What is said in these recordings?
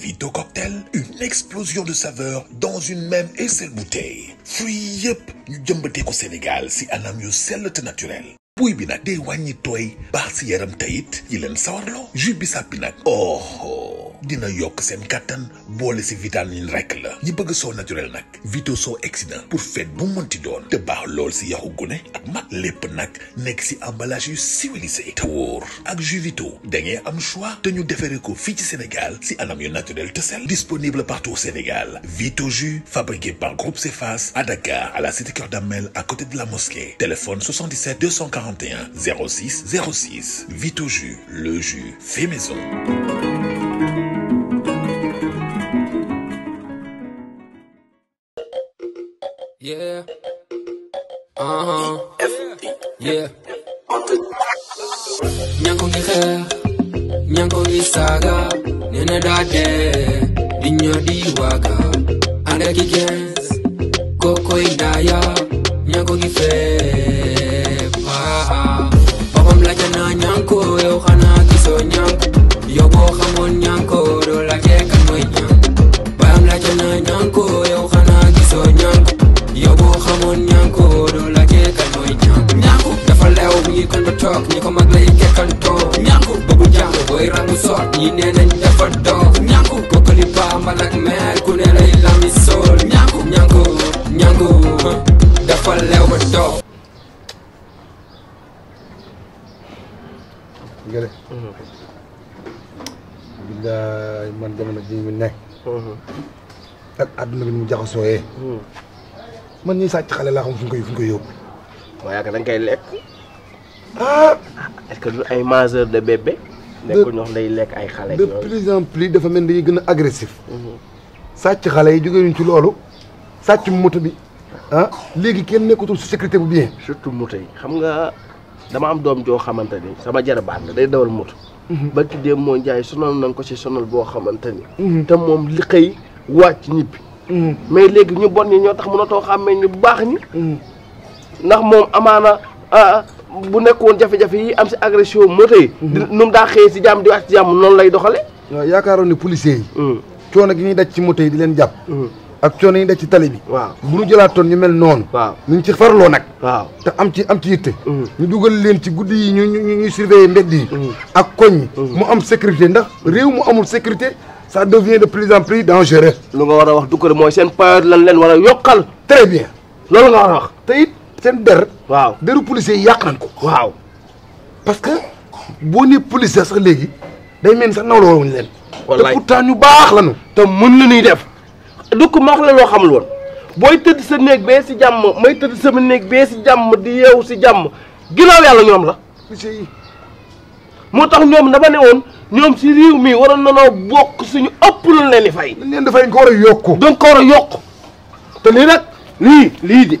Vito Cocktail, une explosion de saveurs dans une même et seule bouteille Free yi yëpp ñu Senegal ko Sénégal si anam yo sell naturel buy bi nag day wàññi tooy baax si yaram tayit yi leen sawarloo jus bi sàppi oh. oh dina yok sen katan bolé si vitamine rek la ñi bëgg so naturel nag vito soo pour fête bu mënti doon te baax lool si y'a gune ak mag lepp nak nekk si emballage yu civilisé te wóor ak jus vito da am choix te ñu ko ci Sénégal si anam naturel te sel. disponible partout au Sénégal vito fabriqué par Groupe Cefas à Dakar à la cité cœur Damel à côté de la mosquée téléphone 77 241 06 06 vito jus le jus fait maison saga nene dade dinyo diwaga anda kikens koko idaya, nyako gife nee nañ dafa dox ñànku ji ñu nekk mhm. ak àdduna bi nu mu jaxasooyee mhm. man ñuy sàcc xale laa xam fu ñu koy fu ñu koy lekk ah! ay mangeur de bébé nekkul ñoo xam day lekk ay xale. de plus dafa mel ni dañuy gën a agressif. Mhm. sàcc xale yi jóge ñu ci loolu sàcc mu moto bi ah léegi kenn nekkatul si sécurité bu bien. surtout moto yi xam nga dama am doom joo xamante ni sama jarabaat la day dawal moto. Mhm. ba ci démb moo njaay sonal nañ ko si sonal boo xamante ni. Mhm. te moom li xëy wàcc ñibbi. mais léegi ñu bon ñi ñoo tax mënatoo xàmmee ñu baax ñi. ndax moom amaana. Ah, bu nekkoon jafe-jafe yi am si agression moto yi. Mhm. nu si di wax si jàmm noonu lay doxale waaw yaakaaroon ni policiers yi. Mm. coono gi ñuy daj ci moto yi di leen jàpp. Mm. ak coono yi daj ci tali bi. waaw bu ñu jëlaatoon ñu mel noonu. waaw ñu ngi ci farloo nag. waaw te am ci am ci yitte. Mm. ñu dugal leen ci guddi yi ñu ñu ñu surveiller ak koñ mu am sécurité ndax réew mu amul sécurité ça devient de plus en plus dangereux. lu nga war wax du ko mooy seen très bien loolu nga wax te seen der. waaw deru policier yi yàq nañ ko. waaw parce que boo nee policier sax léegi day mel sax nawloo wuñ leen. wallaay te pourtant ñu baax lañu. te mën na ñuy def. dukk ma wax la loo xamul woon booy tëdd sa néeg bee si jàmm may tëdd sama néeg bee si jàmm di yeewu si jàmm ginnaaw yàlla ñoom la. policier moo tax ñoom dama ne woon ñoom si réew mi waroon nanoo bokk suñu ëpp luñ leen di fay. dañ leen di fay ko war a yokku. donc ko war a yokk te lii nag lii lii di.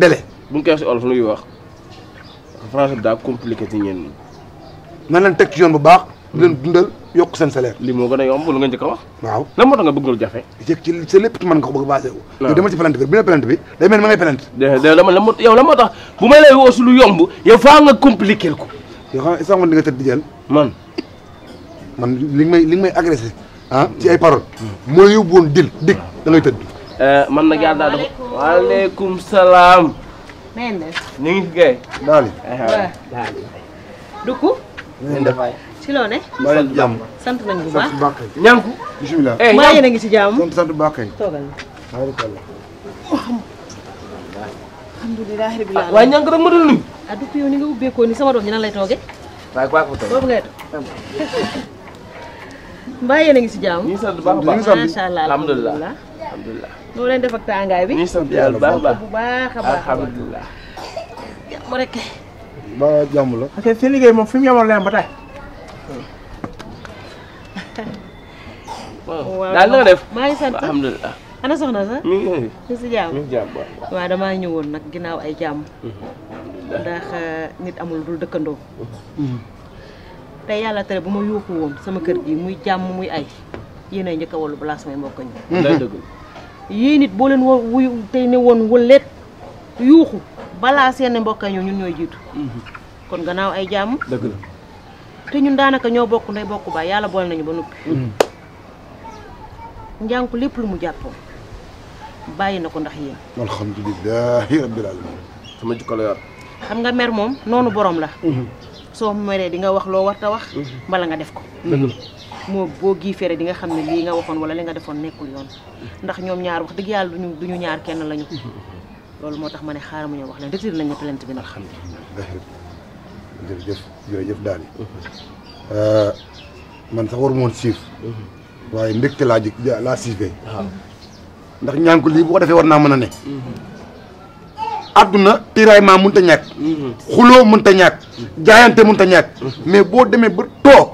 délai. bu ñu koy olof lu wax français daa compliqué ci ñenn ñi. na tek ci yoon bu baax. di leen dundal yokk seen salaire. lii moo gën yomb lu nga njëkk a wax. waaw lan moo tax nga bëgg lu jafe. yëg ci sa lépp man mën nga ko bëgg basé wu. waaw demal ci plainte bi bu ne plainte bi day mel ni ma ngay plainte. déedéet dama la moo yow tax bu may lay woo si lu yomb yow fa nga compliqué ko. yoo xam ne man nga tëdd jël. man man li nga may li may agressé ah ci ay paroles. Mm. moo yóbbu woon dil dig da ngay Eh, man nag yàlla daal dafa waaleykum salaam. nañ def ñu ngi fi kay. daal daal. Eh, dukku. nañ def ci loo ne. maa leen jàmm sant nañ bu baax sant baax kay. ñànku bisimilah. Eh, maa yéen a ngi ci jàmm sant ah, ma dul nuyu. ah Dukku yow ni nga ubbeekoo ni sama doom ñu nan lay toogee. waaye ku waay ko toog boobu ngay ngi ci jàmm. ñu ngi sant a baax macha allah alhamdulilah. alhamdulilah. noo leen def ak tàngaay bi. ñu sant yàlla bu baax bu baax a baax alhamdulilah. jàmm rek. ba jàmm la. parce que seen liggéey moom fi mu yemoon leen ba tey. waaw daal la nga def. maa ngi sant alhamdulilah. ana soxna sa. mi ngi si jàmm mi ngi jàmm waaw damaa ñëwoon nag ginnaaw ay jàmm. ndax euh, nit amul dul dëkkandoo. Mm-hmm. tey yàlla tere bu ma yuuxu woon sama kër gi muy jàmm muy ay yéen a njëkk a wallu balaas may mbokk ñi. yii nit boo leen woo wuyu tey ne woon wëleet yuuxu balaa seen mbokk ñoo ñun ñooy jiitu. Mm-hmm. kon gannaaw ay jàmm. dëgg te ñun daanaka ñoo bokk ndey bokk baay yàlla boole nañu ba noppi. Mm-hmm. njànku lépp lu mu jàppoon bàyyi na ko ndax yéen. alhamdulilahi rabbil alamin sama jikko la yor xam nga mer moom noonu borom la. Mm-hmm. soo meree di nga wax loo warta wax. mbala nga def ko. moo boo giifeere di nga xamné ne nga waxone wala li nga defone nekul yoon ndax ñom ñaar wax deug yalla duñu duñu ñaar kenn lañu lolou motax mané xaramu ñu wax leen ñëw nañu leen bi nak xamné plainte bi nag jërëjëf jërëjëf daal uh-huh. man sax waruma sif waye uh-huh. waaye la jik la sifé ndax ñaan li bu ko defee war naa mën a ne aduna ta ñak xulo mën ta ñak jaayante ta ñak uh-huh. mais bo démé ba tok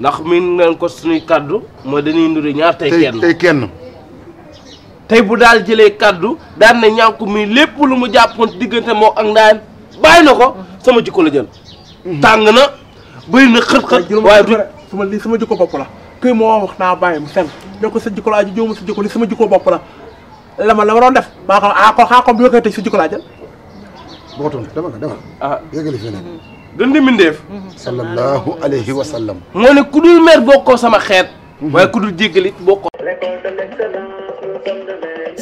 ndax miin ngeen ko suñuy kàddu mooy dañuy nuru ñaar tey kenn tey bu daal jëlee kàddu daan ne ñànku mi lépp lu mu jàppoon diggante moo ak ndaan bàyyi na ko sama jukko la jël mhm. tàng na bëri na xët-xët waaye du sama lii sama bopp la kuy moo wax naa bàyyi mu sell ñoo ko sa jikko laa ji jóomu sa jikko sama jikko bopp la la waroon def maa ko ah, ah, laa jël boo toon demal ah. gën di mbindéef sallallahu alayhi wa sallam moo ne ku dul mer bokkoo sama xeet waaye ku dul jéggalit bokkoo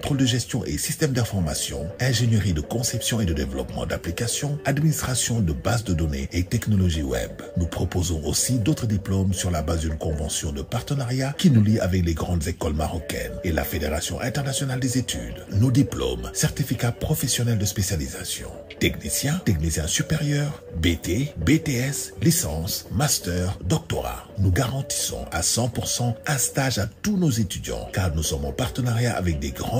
contrôle de gestion et système d'information, ingénierie de conception et de développement d'applications, administration de bases de données et technologies web. Nous proposons aussi d'autres diplômes sur la base d'une convention de partenariat qui nous lie avec les grandes écoles marocaines et la Fédération internationale des études. Nos diplômes, certificats professionnels de spécialisation, technicien, technicien supérieur, BT, BTS, licence, master, doctorat. Nous garantissons à 100% un stage à tous nos étudiants car nous sommes en partenariat avec des grandes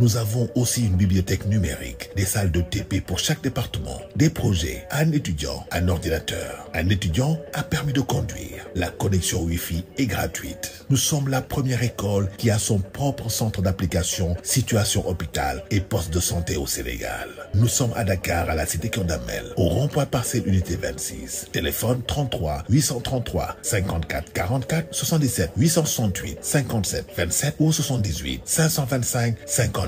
Nous avons aussi une bibliothèque numérique, des salles de TP pour chaque département, des projets, un étudiant, un ordinateur, un étudiant, a permis de conduire. La connexion Wi-Fi est gratuite. Nous sommes la première école qui a son propre centre d'application, situation hôpital et poste de santé au Sénégal. Nous sommes à Dakar, à la cité Kondamel. au rond-point parcelle unité 26. Téléphone 33 833 54 44 77 868 57 27 ou 78 525 50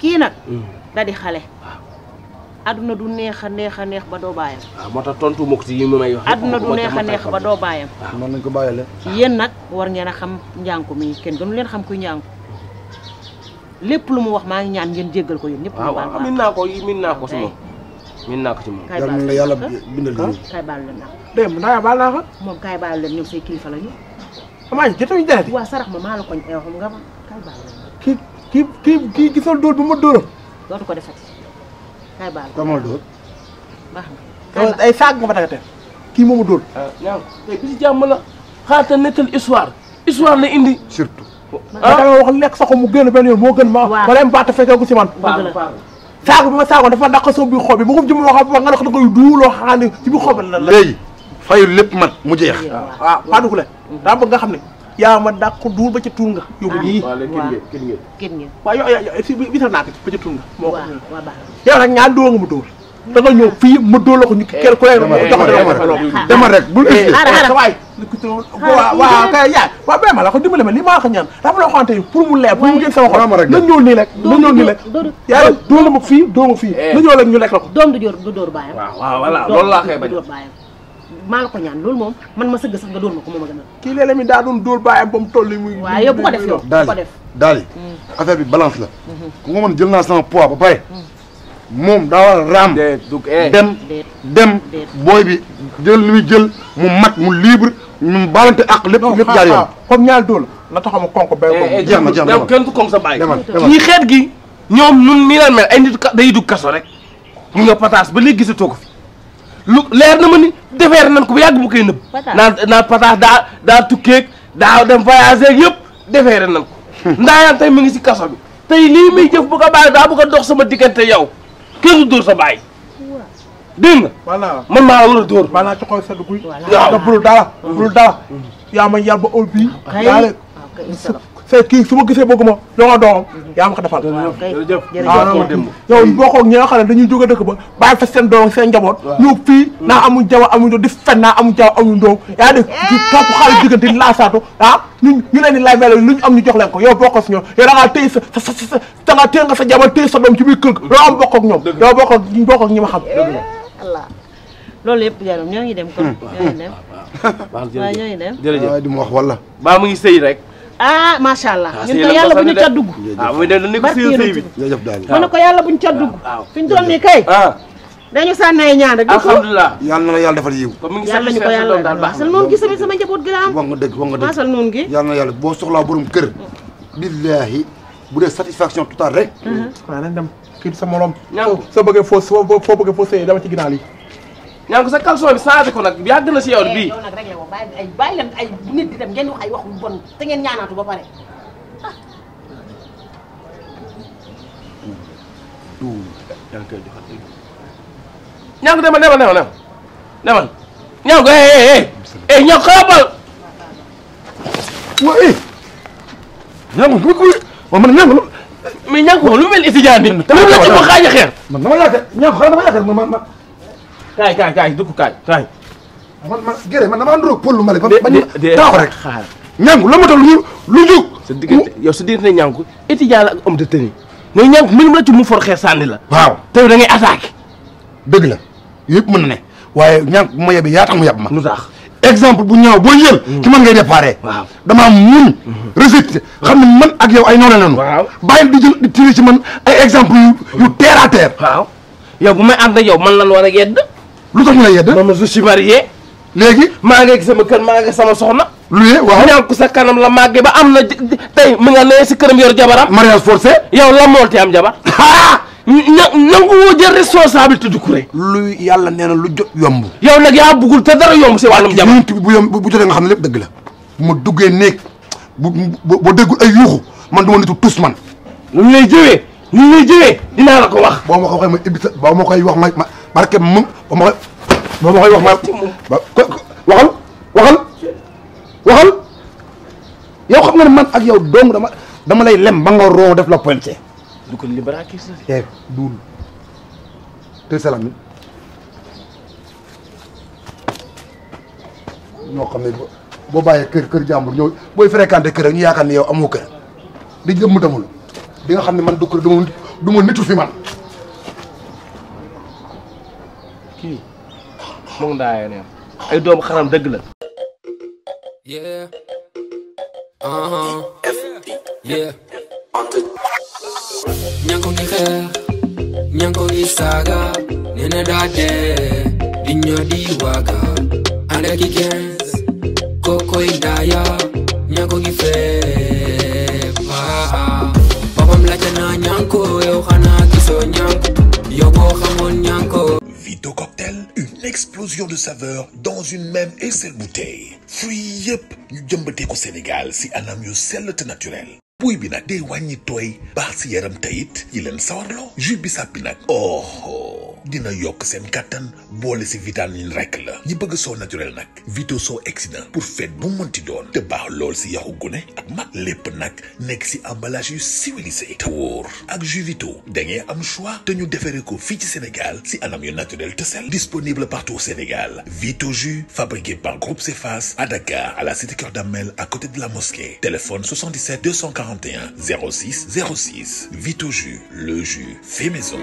kii nag. Hmm. da di xale. aduna ah. du neex a neex a neex ba doo bàyyam. waaw ah, moo tax tontu mukk si yi ma may wax. aduna du neex a neex ba doo bàyyam. waaw ah. noonu nag war ngeen xam njànku mi kenn gënu leen xam kuy njànku lépp lu mu wax maa ñaan ngeen jéggal ko yéen ñëpp. waaw waaw min ko min naa ko si moom. kay baal leen ñoom say kilifa la ñu. sarax ma maa la ko ñu ay wax nga kay baal la kii kii kii gisal dóor bu ma dóoroon. dootu ko defati kay baal. tamal dóor. baax na ay saag nga ma daga teel. kii moomu dóor. waaw ah, ñaaw tey bi si jàmm la xaata nettal histoire histoire la indi. surtout. a da nga wax lekk mu génn benn yoon moo gën ma. waaw wala mbaata fekkee ko si man. saago bi ma saagoon dafa dàq sama biir bi bu ko jëmee wax ba nga wax da koy duuloo xaani ci biir xob la. léegi fayul lépp man mu jeex. waaw waaw ah, Fadou Koule daa bëgg nga xam ne. ya ma dàq dul ba ci tuur nga. yóbbu yi wa yo yo fi bi tan nak waaw yow yow si biir naa ba ca tuur nga. moo ko yow nag ñaar doo nga mu dul da nga ñëw fi mu dul la ko ñu kër ko nekk ma jox la dama rek bu expliqué eh, xaaral waay wa waaw kay ya wa be ma la ko dimbale ma li ma la ko ñaan xam la xante pour mu leer pour mu gën sama xol dama rek na ñëw ni rek na ñëw nii rek do dóor mu fi do ma fi eh. na ñëw rek ñu lek la ko dom du jor du dor bayam wa wa wala loolu la koy bañ maa la ko ñaan loolu man ma sëgg sax nga dóor ma ko moom a gënal. kii léeg mi daa doon dóor ba mu toll muy. waaw def yow bu ko def hmm. bi balance la. Hmm. ku nga mën jël naa sama poids ba pare. Hmm. moom daa war a raam. Eh. dem dem booy jël li jël mu mat mu libre mu baalante ak lépp jaar yoon. comme ñaar dóor la taxaw ma konk bay eh, eh, ko. jeex na jeex na kenn du konk sa bàyyi. ñi xeet gi ñoom ñun nii la mel ay nit day dugg kaso rek. ñu nga pataas ba léegi gisatoo ko fi lu leer na ma ni defeer nan ko ba yàgg bu koy nëbb naan naan pataas daa daa da daa dem voyager yëpp defeere nan ko hmm. ndaayaan tey mi ngi si kaso bi tey lii muy jëf bu ko bàyyi daa bëgg a dox sama diggante yow kenn du door sa baay dégg nga voilà man maa war a dóor maanaam ci xol ma yar ba ël bii daa rek fekk kii su ma gisee bëgguma doo doom yaa ma ko defal yow bokkoo ñi nga xam ne dañuy jóge dëkk ba bàyyi fa seen doom seen njaboot ñëw fii naa amuñ jawa am doom di fen naa amuñ jawa amuñ doom yaa dégg di topp xaalis diggante di ah, ñu ñu di lay mel lu ñu ñu jox leen ko yow bokkoo si ñoom yow da ngaa téye sa sa sa da ngaa téye sa jabar téye sa doom ci biir kër ga loo am bokkoo ak ñoom yow bokkoo bokkoo ak ñi ma xam loolu yëpp ngi dem kon hmm. ñoo ngi ngi dem jërëjëf di mu wax wala baa mu ngi sëy rek ah macha allah ah, ñun ah, ko yàlla bu ca dugg ah muy de ko siiw siiw bi jëf daal mu ne ko yàlla bu ca dugg fi ñu toll kay ah. dañu sànnay ñaan rek alhamdulilah na defal yiw mi ngi daal sal gi sama sama gi la am sal gi na borom billahi bu satisfaction totale rek xanaa mm-hmm. nañ dem kii sa morom soo bëggee dama ci ñaan ko sa caleçon bi changé ko nag yàgg na si yow eh, bii yow nag réglé ko bàyyi ay bàyyi leen ay nit di dem ngeen wax ay ba pare ah. duul yaa ngi koy joxal dégg nga. ñaan ko demal demal demal demal ñaan eh, eh, ko man ñaan ko mais ñaan ko lu mel étudiant bi. tamit la ci xeer. kaay kaay kaay dugg kaay kaay. man man géré man dama andro pol lu malik ba taw rek xaar ñangu la motal lu lu juk sa diggante yow sa diggante ñangu étudiant la ak homme de tenue ñoy ñangu minimum la ci mu for xé sandi la waaw tew da ngay attaquer deug la yépp mën na ne waaye ñangu bu ma yebé yaa tax mu yab ma lu tax exemple bu ñaaw bo yel hmm. ci man ngay déparé dama mun hmm. résulté xam ne man ak yow ay noonu lañu bàyyil di jël di tiré ci man ay exemple yu terre à terre waaw yow bu may ànd ak yow man lan war a yedd lu tax ñu lay yedd. maman je suis marié. léegi. maa ngi ak ma kër maa ngi sama soxna. lu luye waaw ku sa kanam la màggee ba am na tey mu nga nee si këram yor jabaram. mariage forcé. yow la mool te am jabar. ña nangu woo jël responsabilité du kuré. luy yàlla nee na lu jot yombu yow nag yaa buggul te dara yomb si wàllum jabar. bu bu yomb bu jotee nga xam la. bu ma duggee néeg bu bu déggul ay yuuxu man du ma nitu tus man. lu lay jëwee lu lay jëwee dinaa la ko wax. boo ma ko waxee ma ma koy wax ma. barke mum mo mo koy wax ma waxal waxal waxal yow xam nga man ak yow dom dama dama lay lem ba nga ro def la pointé du ko libéraliste eh dul te salam no xam ne boo bàyyee keur kër jàmbur ñëw booy fréquenté keur ñu yaakaar ni yow amu keur di jëm damul di nga xam man du kër du ma nitu fi man mu ngi ndaaye ya ne ay doomu xaram la yeah uh -huh. yeah na di ñoo di kenn de saveurs dans une même et seule bouteille fruits yi yëpp ñu jëmbatee ko Sénégal si anam yu sel te naturel buy bi de day parce qu'il y a yaram tayit yi leen sawarloo jus bissap ça Oh oh dina Yok sen kàttan boole si vitamine rek la ñi bëgg so naturel nak vito so exsident pour fête bu monti doon te baax lool si yaxu gune ak ma lepp nak nekk si emballage yu civilisé Tour. ak jus vito da am choix te ñu déféré ko fi ci Sénégal si anam yu naturel te sel disponible partout au Sénégal vito jus fabriqué par Groupe Cefas à Dakar à la cité cœur Damel à côté de la mosquée téléphone 77 241 06 06 vito jus le jus fait maison